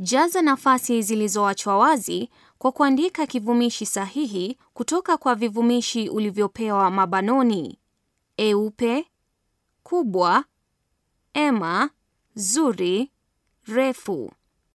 Jaza nafasi zilizoachwa wazi kwa kuandika kivumishi sahihi kutoka kwa vivumishi ulivyopewa mabanoni: eupe, kubwa, ema, zuri, refu.